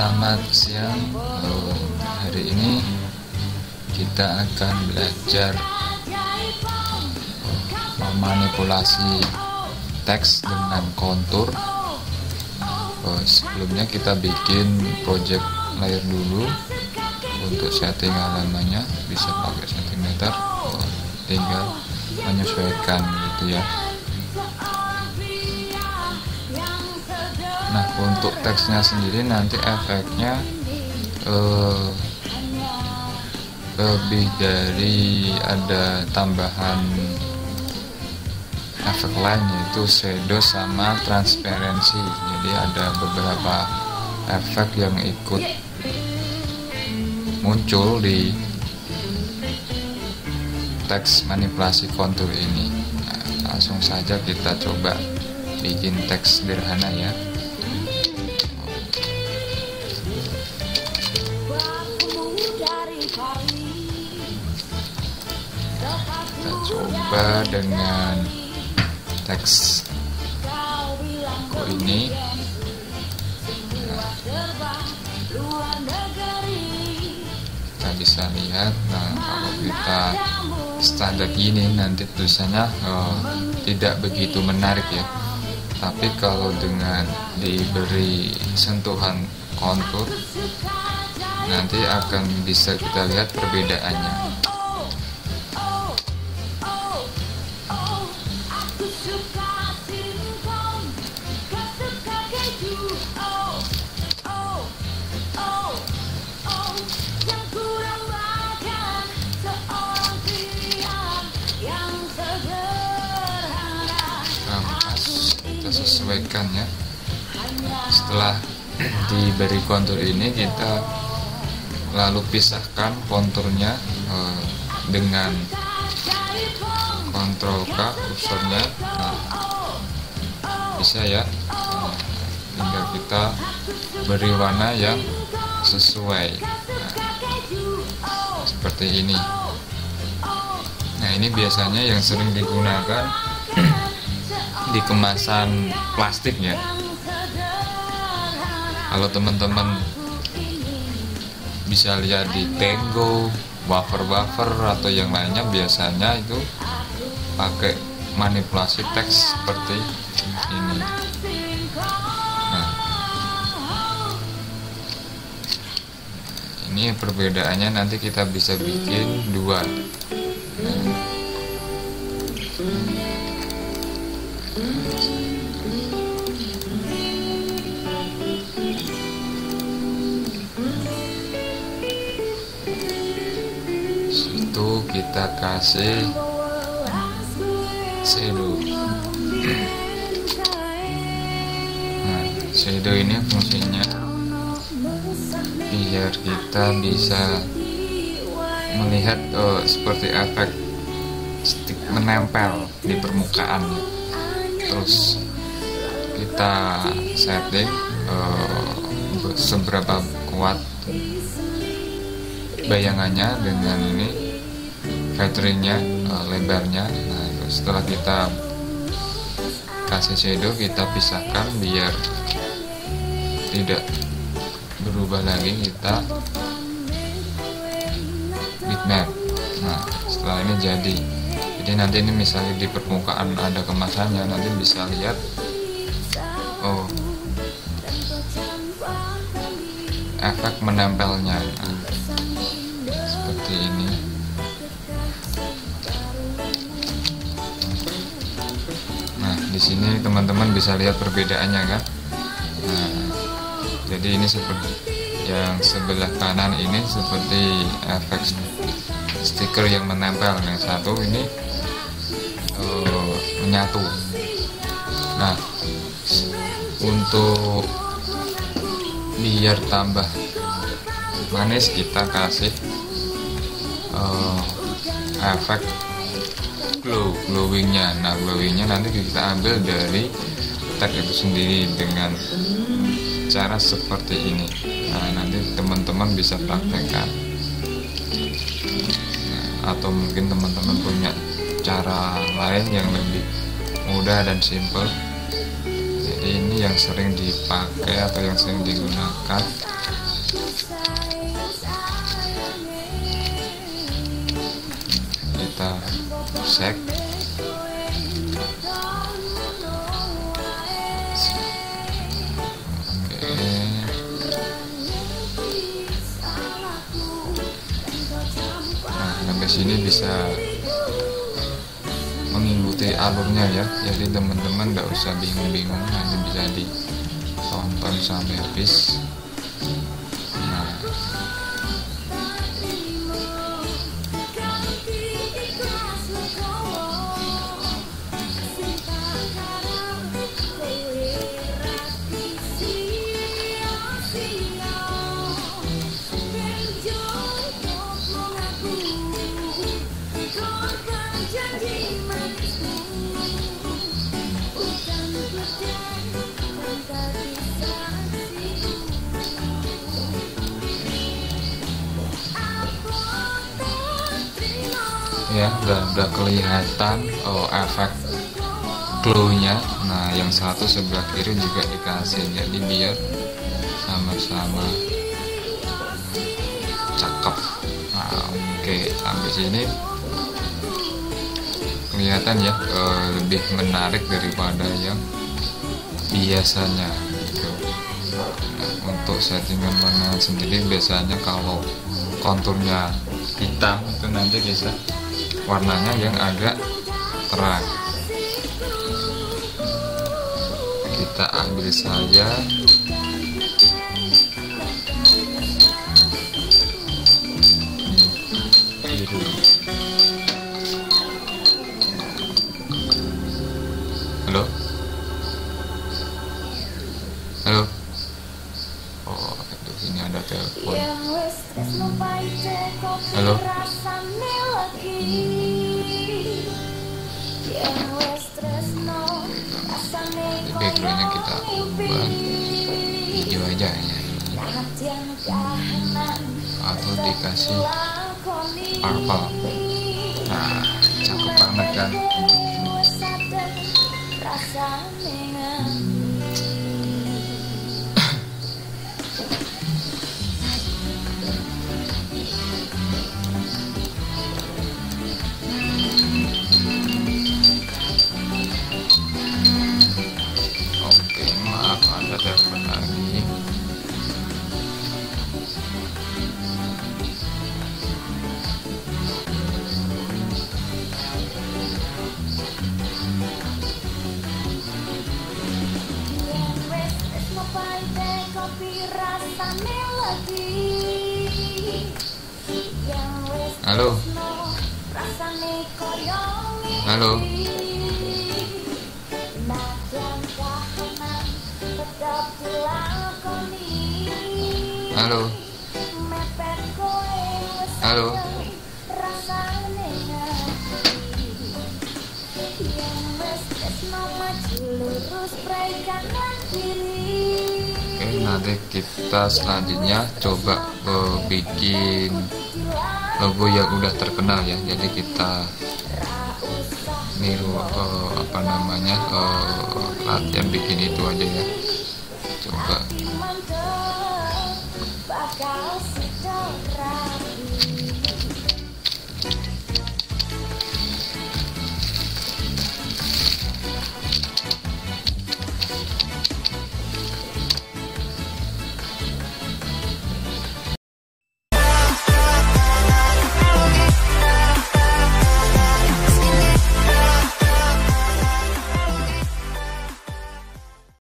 Selamat siang. Oh, hari ini kita akan belajar oh, memanipulasi teks dengan kontur. Oh, sebelumnya kita bikin project layer dulu untuk setting halamannya bisa pakai sentimeter. Oh, tinggal menyesuaikan gitu ya. nah untuk teksnya sendiri nanti efeknya uh, lebih dari ada tambahan efek lain yaitu shadow sama transparansi jadi ada beberapa efek yang ikut muncul di teks manipulasi kontur ini nah, langsung saja kita coba bikin teks sederhana ya kita coba dengan teks kok ini kita bisa lihat nah kalau kita standar ini nanti tulisannya oh, tidak begitu menarik ya tapi kalau dengan diberi sentuhan kontur nanti akan bisa kita lihat perbedaannya menyesuaikan ya setelah diberi kontur ini kita lalu pisahkan konturnya eh, dengan kontrol K kursornya nah, bisa ya nah, tinggal kita beri warna yang sesuai nah, seperti ini nah ini biasanya yang sering digunakan di kemasan plastiknya. kalau teman-teman bisa lihat di Tango, wafer-wafer atau yang lainnya biasanya itu pakai manipulasi teks seperti ini. Nah, ini perbedaannya nanti kita bisa bikin dua. Nah, kita kasih shadow nah shadow ini fungsinya biar kita bisa melihat oh, seperti efek stick menempel di permukaan terus kita setting uh, seberapa kuat bayangannya dengan ini featuringnya uh, eh, lebarnya nah setelah kita kasih shadow kita pisahkan biar tidak berubah lagi kita bitmap nah setelah ini jadi jadi nanti ini misalnya di permukaan ada kemasannya nanti bisa lihat oh efek menempelnya nah, seperti ini sini teman-teman bisa lihat perbedaannya kan nah, jadi ini seperti yang sebelah kanan ini seperti efek stiker yang menempel yang satu ini uh, menyatu nah untuk biar tambah manis kita kasih uh, efek glow glowingnya nah glowingnya nanti kita ambil dari tag itu sendiri dengan cara seperti ini nah, nanti teman-teman bisa praktekkan nah, atau mungkin teman-teman punya cara lain yang lebih mudah dan simple jadi ini yang sering dipakai atau yang sering digunakan kita sini bisa mengikuti alurnya ya jadi teman-teman nggak usah bingung-bingung hanya bisa ditonton sampai habis ya udah udah kelihatan oh, efek glownya nah yang satu sebelah kiri juga dikasih jadi biar sama-sama cakep nah oke okay. sampai sini kelihatan ya eh, lebih menarik daripada yang biasanya gitu nah, untuk settingan warna sendiri biasanya kalau konturnya hitam itu nanti bisa warnanya yang agak terang kita ambil saja biru halo halo oh aduh ini ada telepon iya, halo jadi backgroundnya kita ubah hijau aja ya atau dikasih purple nah cakep banget kan Halo. Halo. Halo. Halo. Oke, nanti kita selanjutnya coba uh, bikin logo yang udah terkenal ya jadi kita niru uh, apa namanya uh, eh, latihan bikin itu aja ya coba